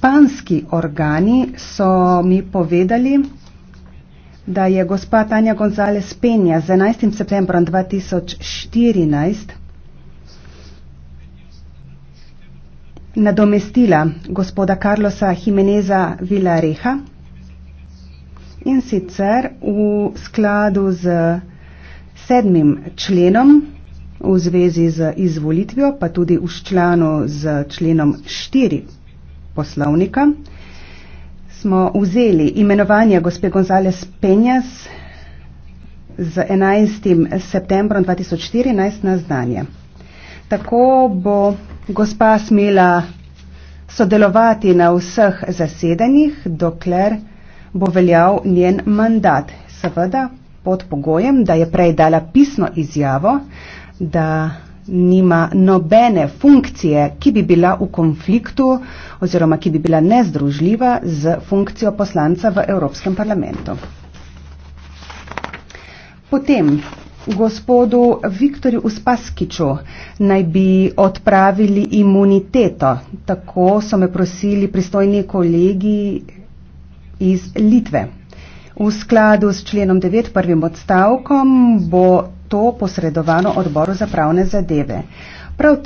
Španski organi so mi povedali, da je gospa Tanja González Penja z 11. septembrom 2014 nadomestila gospoda Carlosa Jimeneza Villareha in sicer v skladu z sedmim členom v zvezi z izvolitvijo, pa tudi v članu z členom 4 poslovnika, smo vzeli imenovanje gospe González Penjas z 11. septembrom 2014 na znanje. Tako bo gospa smela sodelovati na vseh zasedanjih, dokler bo veljal njen mandat. Seveda pod pogojem, da je prej dala pisno izjavo, da nima nobene funkcije, ki bi bila v konfliktu oziroma ki bi bila nezdružljiva z funkcijo poslanca v Evropskem parlamentu. Potem gospodu Viktorju Uspaskiču naj bi odpravili imuniteto, tako so me prosili pristojni kolegi iz Litve. V skladu s členom 9 prvim odstavkom bo to posredovano odboru za pravne zadeve. Prav